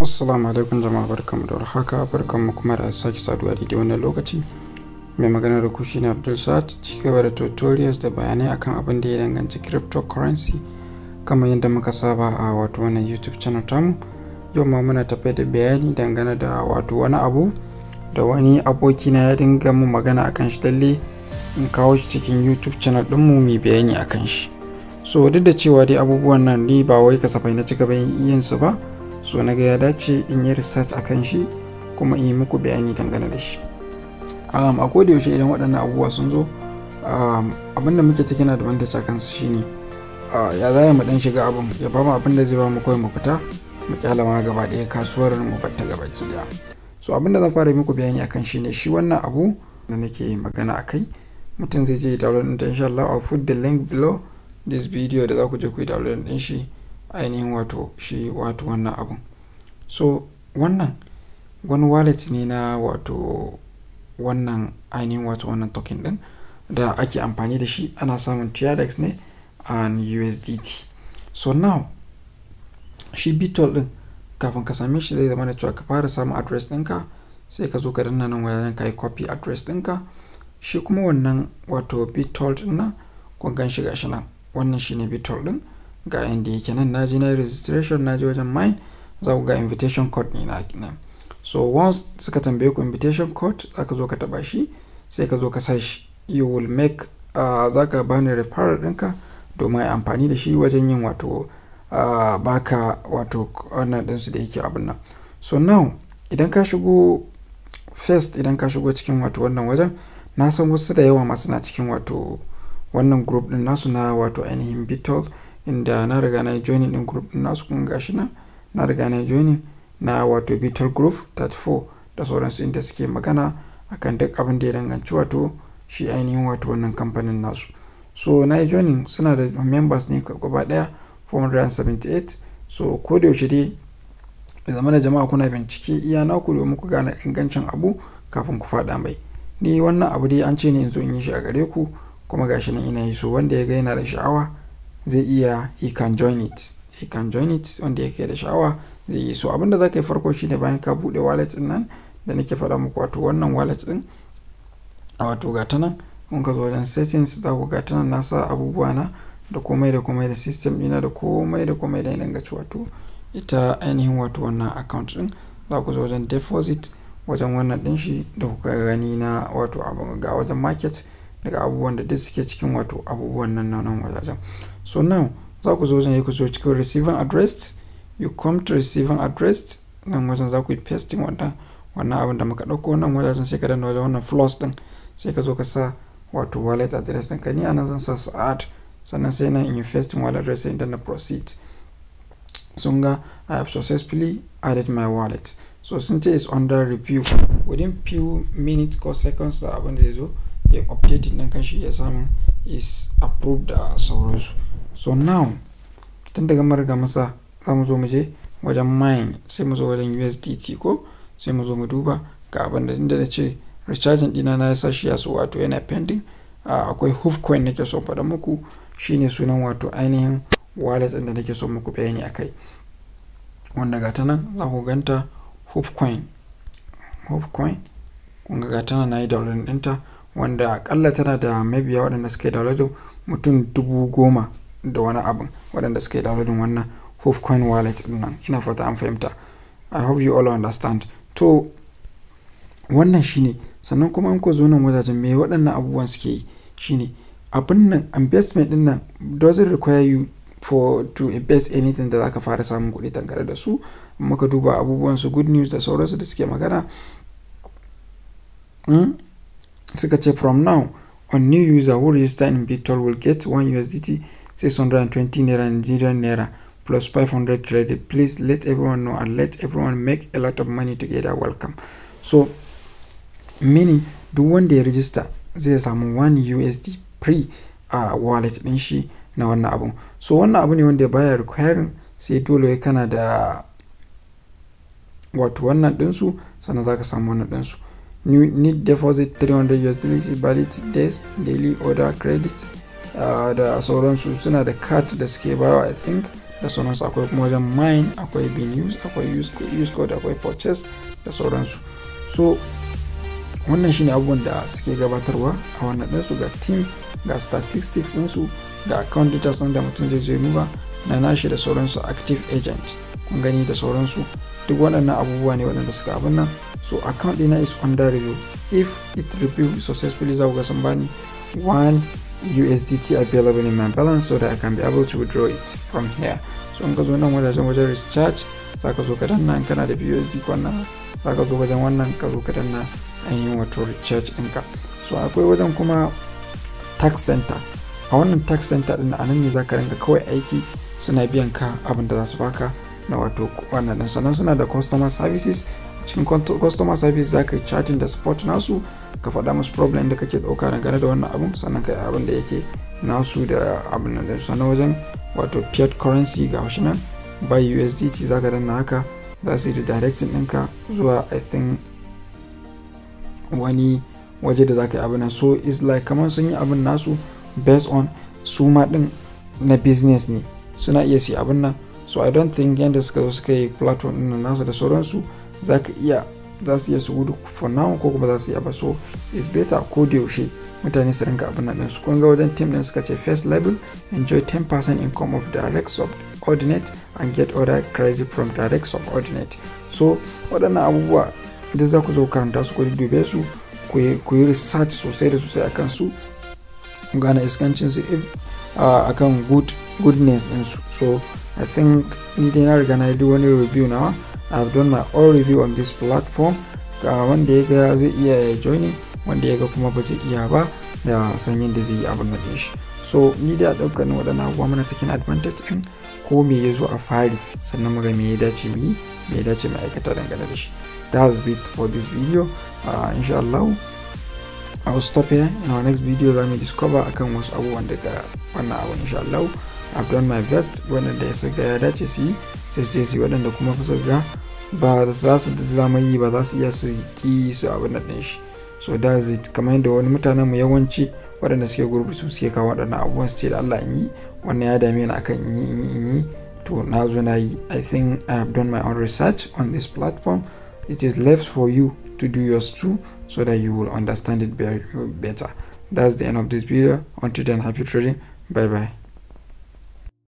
assalamu alaikum jama'a barkamu da warhaka barkamu kuma da sake saduwa da wannan lokaci mai magana da ku na abdul sa'ad gaba da tutorials da bayanai akan abin da ya danganci cryptocurrency kamar yadda muka saba a wato wannan youtube channel tamu yau ma muna tafiya da bayani dangane da wato wani abu da wani aboki na ya dinga mu magana akan shi lalle in kawo shi cikin youtube channel din mu mai bayani akan shi so duk da cewa dai abubuwan nan ni ba wai kasafai na ci gaba yin su ba so na ga ya dace in yi research a kan shi kuma in yi muku bayani dangane da shi um, a koda yaushe idan waɗannan abubuwa sun zo um, abin da muke take na da wanda ta kansu ne uh, ya za mu dan shiga abin ya ba mu abin da zai ba mu kawai mu fita mu kyalama gaba ɗaya kasuwar mu batta gaba ki daya so abin da zan fara muku bayani akan shine shi wannan abu da nake magana a kai mutum zai je download din insha Allah I'll put the link below this video da za ku je ku yi download din shi ainihin wato shi wato wannan abun so wannan wani wallet ne na wato wannan ainihin wato wannan token din da ake amfani da shi ana samun trx ne and usdt so now shi bitol din kafin ka same shi zai zama da cewa ka fara samun address ɗinka sai ka zo ka danna nan wajen ka yi copy address ɗinka shi kuma wannan wato bitol din nan kun gan shi gashi nan wannan ne bitol din ga inda yake nan na je na registration na je wajen mine za ku ga invitation code ne na nan so once suka tambaye ku invitation code za ka zo ka taba shi sai ka zo ka sa shi you will make ah, za ka bani referral ɗinka domin amfani da shi wajen yin wato ah, baka wato wannan su da yake abin nan so now idan ka shigo first idan ka shigo cikin wato wannan wajen na san wasu da yawa masu na cikin wato wannan group ɗin nasu na wato ainihin bitol inda na riga na joining din group din nasu kun gashi na na riga na joining na wato Beetle Group 34 da sauransu inda suke magana akan duk abin da ya danganci wato shi ainihin wato wannan kamfanin nasu so na joining suna da members ne gaba daya 478 so ko da yaushe dai da zama da jama'a kuna bincike iya naku domin ku gane ingancin abu kafin ku fada mai ni wannan abu dai an ce ne in zo in yi shi a gare ku kuma gashi nan ina yi so wanda ya ga yana da sha'awa zai iya he can join it he can join it wanda yake da sha'awa zai yi so abinda za ka yi farko shine bayan ka buɗe wallet din nan da nake faɗa muku wato wannan wallet din wato ga ta nan mun ka zo wajen settings za ku ga ta nan na sa abubuwa na da komai da komai da system ɗina da komai da komai da yanayin ci wato ita ainihin wato wannan account din za ku zo wajen deposit wajen wannan ɗin shi da kuka gani na wato abin ga wajen market daga abubuwan da duk suke cikin wato abubuwan nan nan wajajen so now za ku zo wajen ku zo cikin receiving address you come to receiving address nan wajen za ku yi pasting wannan wannan abin da muka ɗauko nan wajajen sai ka danna wajen wannan floss ɗin sai ka zo ka sa wato wallet address ɗin ka ni a zan sa su add sannan sai na in yi pasting wallet address sai na proceed sun ga i have successfully added my wallet so since it is under review within few minutes or seconds da abin zai zo ya updating ɗin kanshi ya samu is approved da sauransu so now tun daga mariga masa za mu zo mu je wajen mine sai mu zo wajen usdt ko sai mu zo mu duba ga abin da inda na ce recharging dina na yasa shi ya so wato yana pending akwai hoof coin nake so faɗa muku shine sunan wato ainihin wallet inda da nake so muku bayani akai wanda ga ta nan za ku ganta hoof coin hoof coin kun ga ta nan na yi daular ɗinta wanda akalla tana da mabiya waɗanda suke downloadin mutum dubu goma da wani abu waɗanda suke downloadin wannan Hofcoin wallet din nan ina fata an fahimta I hope you all understand to wannan shine sannan kuma an ko zo nan wajajen me waɗannan abubuwan suke yi shine abin nan investment din nan doesn't require you for to invest anything da zaka fara samun kuɗi tangare da su muka duba abubuwan su good news da sauransu da suke magana hmm? suka ce from now on new user who register in BitTorrent will get 1 usdt 620 naira nigerian naira plus 500 credit please let everyone know and let everyone make a lot of money together welcome so meaning duk wanda ya register there's samu 1 usd pre a uh, wallet din shi na wannan abun so wannan abu ne wanda ya baya requiring sai dole kana da wato wannan ɗinsu sannan za ka samu wannan so. you need deposit 300 USD valid days daily order credit ah, da sauransu suna da card da suke bawa i think da sauransu akwai kuma wajen mine akwai bin use akwai use code akwai purchase da sauransu so wannan shine abubuwan da suke gabatarwa a wannan ɗinsu ga team ga statistics ɗinsu ga account details ɗin da mutum zai zo ya na nashi da sauransu active agent kun gani da sauransu duk waɗannan abubuwa ne waɗanda suka abin nan so account ɗina is under review if it review successfully za ku ga sun bani one USDT available in my balance so that I can be able to withdraw it from here so in ka zo nan wajen wajen recharge za ka zo ka danna in kana da BUSD kwanna. za ka zo wajen wannan ka zo ka danna an yi wato recharge ɗinka so akwai wajen kuma tax center a wannan tax center ɗin a nan ne za ka ringa kawai aiki suna biyan ka abin da za su baka na wato wannan sannan suna da customer services cikin customer services za ka yi chatting da support nasu ka faɗa musu problem da kake ɗauka dangane da wannan abun sannan ka yi abin da yake nasu da abin da sannan wajen wato fiat currency ga shi nan by usdt za ka danna haka za su yi directing ɗinka zuwa i think wani waje da za ka yi abin nan so is like kamar sun yi abin nasu based on su ma ɗin na business ne suna iya siya abin nan so i don't think yadda suka zo suka yi platform ɗin nasu da sauransu za ka iya za su iya su gudu for now ko kuma za su iya ba so is better ko da yaushe mutane su rinka abin nan su kunga wajen team din suka ce first level enjoy 10% income of direct subordinate and get other credit from direct subordinate so waɗannan abubuwa da za ku zo karanta su ku su ku yi research sosai da sosai akan su gane iskancin su eh, akan goodness din su so I think Idina riga na do wani review now I've done my all review on this platform ga wanda ya ga zai iya joining wanda ya ga kuma ba zai iya ba da san yadda zai yi abin da shi so ni da dukkanin waɗannan abubuwa mana takin advantage ɗin ko me ya a fari sannan muga me ya dace mu yi me ya dace mu aikata dangane da shi that's it for this video uh, insha Allah I will stop here in our next video za mu discover akan wasu abubuwan daga wannan abun insha Allah I've done my best ya suka ya dace su yi su ce su yi waɗanda kuma fi ga ba za su da zama yi ba za su iya su ki su abin da ɗin shi so da zai kamar yadda wani mutanen mu yawanci waɗanda suke gurbi su suke kawo waɗannan abubuwan su ce da Allah in yi wannan ya dame ni akan in yi in yi in yi to na zo na yi I think I have done my own research on this platform it is left for you to do yours too so that you will understand it better that's the end of this video until then happy trading bye bye